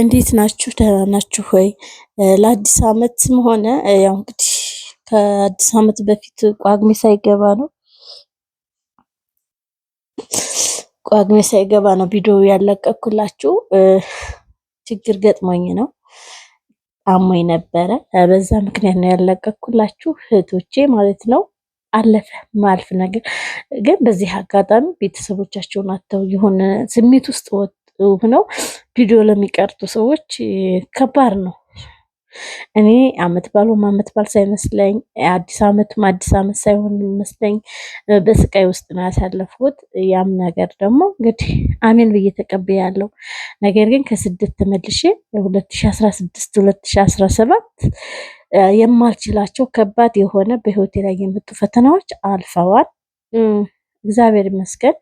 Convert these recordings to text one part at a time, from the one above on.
እንዴት ናችሁ? ደህና ናችሁ ለአዲስ ዓመትም ሆነ ያው እንግዲህ ከአዲስ ዓመት በፊት ቋግሜ ሳይገባ ነው ቋግሜ ሳይገባ ነው ቪዲዮ ያለቀኩላችሁ። ችግር ገጥሞኝ ነው አሞኝ ነበረ። በዛ ምክንያት ነው ያለቀኩላችሁ እህቶቼ ማለት ነው። አለፈ ማልፍ ነገር ግን በዚህ አጋጣሚ ቤተሰቦቻቸውን አተው የሆነ ስሜት ውስጥ ወጥ ነው። ቪዲዮ ለሚቀርጡ ሰዎች ከባድ ነው። እኔ አመት ባሉም አመት ባል ሳይመስለኝ አዲስ አመቱም አዲስ አመት ሳይሆን የሚመስለኝ በስቃይ ውስጥ ነው ያሳለፍኩት። ያም ነገር ደግሞ እንግዲህ አሜን ብዬ ተቀብያለሁ። ነገር ግን ከስደት ተመልሼ አስራ ሰባት የማልችላቸው ከባድ የሆነ በህይወቴ ላይ የመጡ ፈተናዎች አልፈዋል። እግዚአብሔር ይመስገን።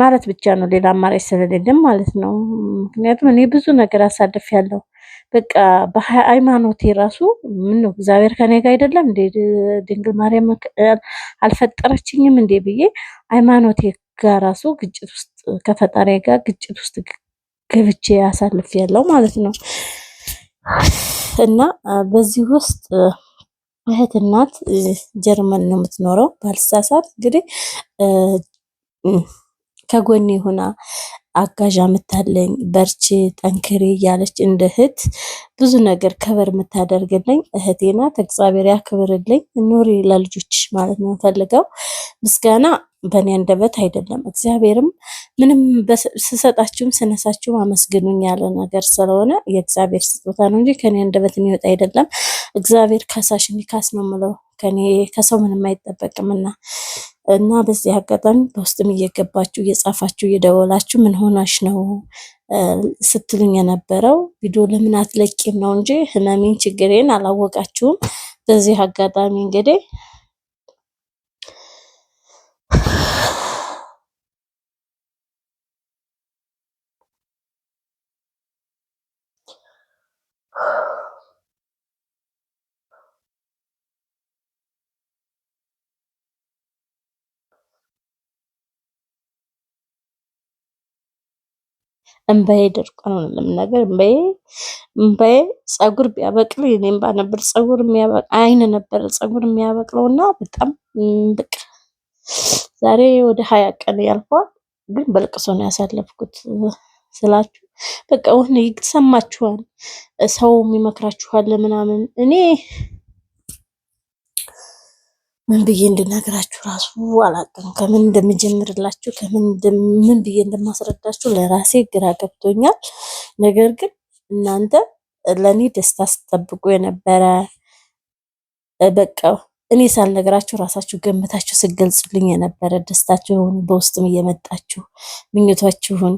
ማለት ብቻ ነው። ሌላ አማራጭ ስለሌለም ማለት ነው። ምክንያቱም እኔ ብዙ ነገር አሳልፍ ያለው በቃ በሃይማኖቴ ራሱ ምን ነው እግዚአብሔር ከኔ ጋር አይደለም እንዴ ድንግል ማርያም አልፈጠረችኝም እንዴ ብዬ ሃይማኖቴ ጋር ራሱ ግጭት ውስጥ ከፈጣሪ ጋር ግጭት ውስጥ ገብቼ አሳልፍ ያለው ማለት ነው። እና በዚህ ውስጥ እህት እናት ጀርመን ነው የምትኖረው ባልሳሳት እንግዲህ ከጎን ሆና አጋዣ ምታለኝ በርቺ ጠንክሪ እያለች እንደ እህት ብዙ ነገር ከበር የምታደርግልኝ እህቴ ናት። እግዚአብሔር ያክብርልኝ። ኑሪ ለልጆችሽ ማለት ነው ፈልገው ምስጋና በእኔ አንደበት አይደለም። እግዚአብሔርም ምንም ስሰጣችሁም ስነሳችሁም አመስግኑኝ ያለ ነገር ስለሆነ የእግዚአብሔር ስጦታ ነው እንጂ ከኔ አንደበት የሚወጣ አይደለም። እግዚአብሔር ከሳሽ ይካስ ነው ምለው ከኔ ከሰው ምንም አይጠበቅምና እና በዚህ አጋጣሚ በውስጥም እየገባችሁ እየጻፋችሁ እየደወላችሁ ምን ሆናሽ ነው ስትሉኝ የነበረው ቪዲዮ ለምን አትለቂም ነው እንጂ ህመሜን ችግሬን አላወቃችሁም። በዚህ አጋጣሚ እንግዲህ እምባዬ ደርቋል። እውነት ለመናገር እምባዬ እምባዬ ጸጉር ቢያበቅል የኔ እምባ ነበር። ጸጉር የሚያበቅ አይን ነበር ጸጉር የሚያበቅለው እና በጣም ብቅ ዛሬ ወደ ሀያ ቀን ያልፏል፣ ግን በልቅሶ ነው ያሳለፍኩት ስላችሁ በቃ ይሰማችኋል፣ ሰው የሚመክራችኋል ለምናምን እኔ ምን ብዬ እንድነግራችሁ ራሱ አላቅም ከምን እንደምጀምርላችሁ ከምን ምን ብዬ እንደማስረዳችሁ ለራሴ ግራ ገብቶኛል። ነገር ግን እናንተ ለእኔ ደስታ ስጠብቁ የነበረ በቃ እኔ ሳልነግራችሁ ራሳችሁ ገምታችሁ ስገልጹልኝ የነበረ ደስታችሁን በውስጥም እየመጣችሁ ምኞታችሁን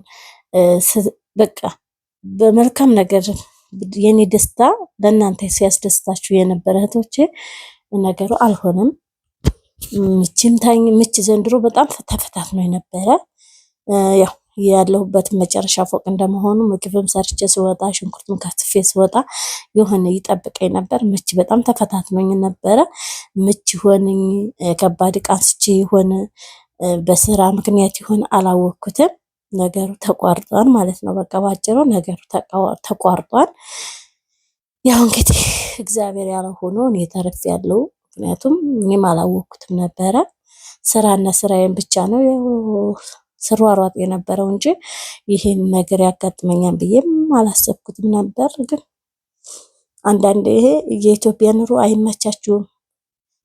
በቃ በመልካም ነገር የኔ ደስታ ለእናንተ ሲያስደስታችሁ የነበረ እህቶቼ ነገሩ አልሆነም። ምችምታኝ ምች ዘንድሮ በጣም ተፈታት ነው የነበረ። ያው ያለሁበትን መጨረሻ ፎቅ እንደመሆኑ ምግብም ሰርቼ ስወጣ ሽንኩርትም ከትፌ ስወጣ የሆነ ይጠብቀኝ ነበር። ምች በጣም ተፈታትኖኝ ነበረ። ምች ይሆንኝ ከባድ ዕቃ አንስቼ ይሆን በስራ ምክንያት ይሆን አላወኩትም። ነገሩ ተቋርጧል ማለት ነው። በቃ ባጭሩ ነገሩ ተቋርጧል። ያው እንግዲህ እግዚአብሔር ያለ ሆኖ እኔ ተርፌያለሁ። ምክንያቱም እኔም አላወቅኩትም ነበረ። ስራና ስራዬን ብቻ ነው ስሯሯጥ የነበረው እንጂ ይሄን ነገር ያጋጥመኛል ብዬም አላሰብኩትም ነበር። ግን አንዳንድ ይሄ የኢትዮጵያ ኑሮ አይመቻችሁም።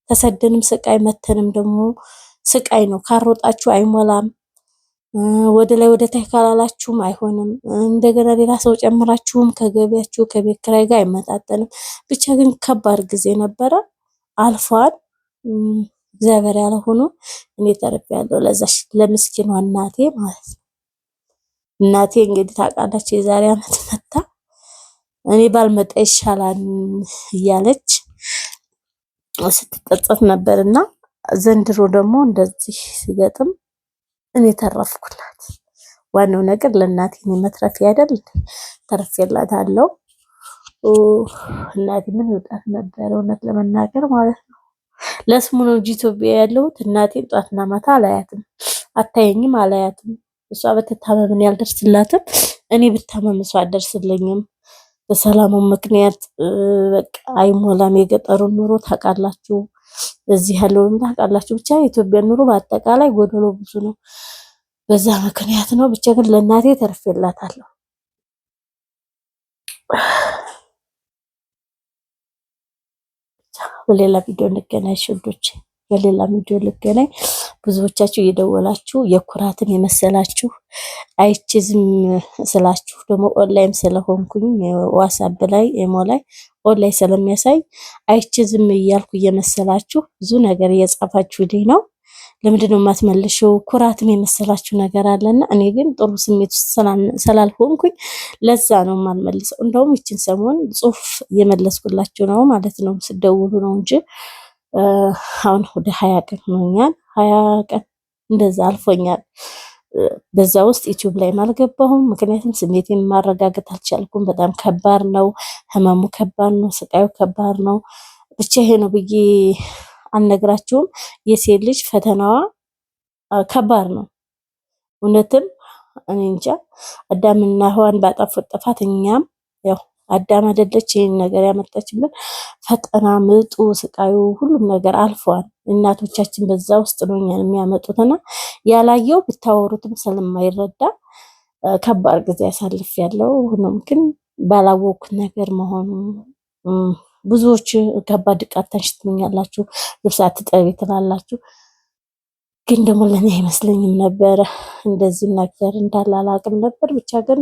ተሰደንም ስቃይ መተንም ደግሞ ስቃይ ነው። ካሮጣችሁ አይሞላም። ወደ ላይ ወደ ታች ካላላችሁም አይሆንም። እንደገና ሌላ ሰው ጨምራችሁም ከገቢያችሁ ከቤት ኪራይ ጋር አይመጣጠንም። ብቻ ግን ከባድ ጊዜ ነበረ። አልፏል። እግዚአብሔር ያለ ሆኖ እኔ ያለው ለዛሽ ለምስኪኗ እናቴ ማለት ነው። እናቴ እንግዲህ ታውቃላችሁ የዛሬ ዓመት መታ እኔ ባልመጣ ይሻላል እያለች ነበር ነበርና ዘንድሮ ደግሞ እንደዚህ ሲገጥም እኔ ተረፍኩላት። ዋናው ነገር ለእናቴ እኔ መትረፍ ያደል አለው። እናቴ ምን ይውጣት ነበር፣ እውነት ለመናገር ማለት ነው። ለስሙ ነው እንጂ ኢትዮጵያ ያለሁት እናቴን ጧትና ማታ አላያትም፣ አታየኝም፣ አላያትም። እሷ በተታመምን እኔ አልደርስላትም፣ እኔ ብታመም እሷ አልደርስልኝም። በሰላሙ ምክንያት በቃ አይሞላም። የገጠሩን ኑሮ ታውቃላችሁ፣ እዚህ ያለውን ታውቃላችሁ። ብቻ የኢትዮጵያ ኑሮ በአጠቃላይ ጎደሎ ብዙ ነው። በዛ ምክንያት ነው። ብቻ ግን ለእናቴ ተርፌላታለሁ። በሌላ ቪዲዮ እንገናኝ። ሽዶች በሌላ ቪዲዮ እንገናኝ። ብዙዎቻችሁ እየደወላችሁ የኩራትን የመሰላችሁ አይችዝም ስላችሁ ደግሞ ኦንላይን ስለሆንኩኝ ዋትስአፕ ላይ ኢሞ ላይ ኦንላይን ስለሚያሳይ አይችዝም እያልኩ እየመሰላችሁ ብዙ ነገር እየጻፋችሁ ልኝ ነው። ለምንድን ነው የማትመልሽው? ኩራትም የመሰላችሁ ነገር አለና እኔ ግን ጥሩ ስሜት ውስጥ ስላልሆንኩኝ ለዛ ነው የማልመልሰው። እንደውም ይችን ሰሞን ጽሁፍ እየመለስኩላችሁ ነው ማለት ነው፣ ስደውሉ ነው እንጂ አሁን ወደ ሀያ ቀን ሆኛል። ሀያ ቀን እንደዛ አልፎኛል። በዛ ውስጥ ዩቲዩብ ላይ አልገባሁም፣ ምክንያቱም ስሜቴን ማረጋገጥ አልቻልኩም። በጣም ከባድ ነው፣ ህመሙ ከባድ ነው፣ ስቃዩ ከባድ ነው። ብቻ ይሄ ነው ብዬ አልነግራችሁም። የሴት ልጅ ፈተናዋ ከባድ ነው። እውነትም እኔ እንጃ አዳምና ህዋን ባጠፉት ጥፋት እኛም ያው አዳም አይደለች ይህን ነገር ያመጣችልን። ፈተና ምጡ፣ ስቃዩ፣ ሁሉም ነገር አልፏል። እናቶቻችን በዛ ውስጥ ነው እኛን የሚያመጡትና ያላየው ብታወሩትም ስለማይረዳ ከባድ ጊዜ ያሳልፍ ያለው ሆኖም ግን ባላወኩት ነገር መሆኑ ብዙዎች ከባድ ቃት ተንሽትኛላችሁ፣ ልብስ አትጠቢ ትላላችሁ። ግን ደግሞ ለእኔ አይመስለኝም ነበረ እንደዚህ ነገር እንዳለ አላቅም ነበር። ብቻ ግን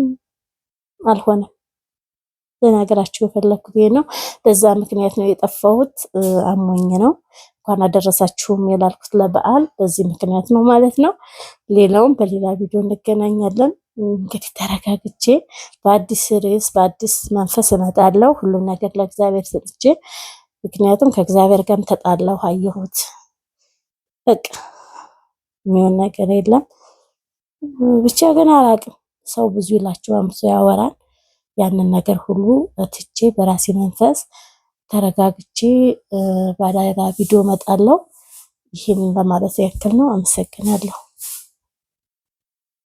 አልሆነም። ልነግራችሁ የፈለግኩት ይሄ ነው። በዛ ምክንያት ነው የጠፋሁት። አሞኝ ነው። እንኳን አደረሳችሁም የላልኩት ለበዓል በዚህ ምክንያት ነው ማለት ነው። ሌላውም በሌላ ቪዲዮ እንገናኛለን። እንግዲህ ተረጋግቼ በአዲስ ርዕስ በአዲስ መንፈስ እመጣለሁ። ሁሉም ነገር ለእግዚአብሔር ሰጥቼ፣ ምክንያቱም ከእግዚአብሔር ጋርም ተጣላሁ አየሁት። በቃ የሚሆን ነገር የለም። ብቻ ግን አላቅም። ሰው ብዙ ይላቸዋል፣ ብዙ ያወራል። ያንን ነገር ሁሉ ትቼ በራሴ መንፈስ ተረጋግቼ ባዳራ ቪዲዮ እመጣለሁ። ይህን ለማለት ያክል ነው። አመሰግናለሁ።